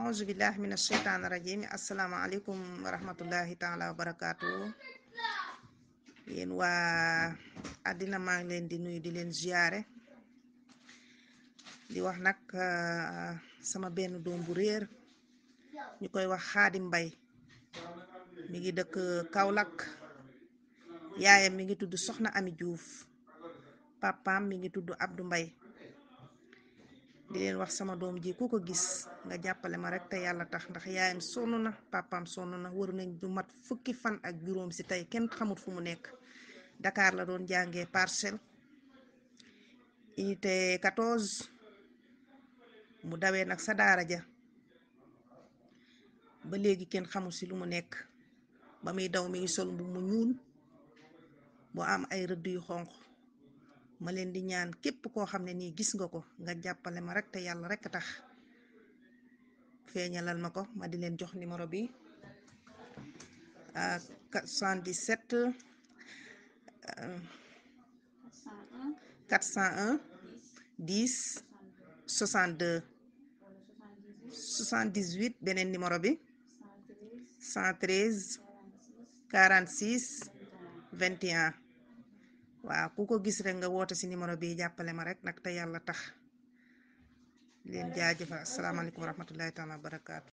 auzu billahi min asheytaan rajim asalaamaaleykum wa rahmatullahi taala wa barakaatu yéen waa àddina maa ngi leen di nuyu di leen ziyaare di wax nag uh, sama benn doom bu réer ñu koy wax Xaadim Mbay mi ngi dëkk kawlak yaayam mi ngi tudd Soxna Ami juuf papaam mi ngi tudd abdu Mbay di leen wax sama doom ji ku ko gis nga jàppale ma rek te yàlla tax ndax yaayam sonn na papaam sonn na war nañ du mat fukki fan ak juróom si tey kenn xamut fu mu nekk Dakar la doon jàngee Parcelles unité 14 mu dawee nag sa daara ja ba léegi kenn xamul si lu mu nekk ba muy daw mi ngi sol mbubb mu ñuul mu am ay rëdd yu xonq ma leen di ñaan képp koo xam ne ni gis nga ko nga jàppale ma rek te yàlla rek tax feeñalal ma ko ma di leen jox numéro bi 77 401 10 62 78 beneen numéro bi 113 46 21 waaw ku ko gis rek nga woote si numéro bi jàppale ma rek nag te yàlla tax leen jaajëfal asalaamaaleykum wa rahmatullahi taala a barakaatu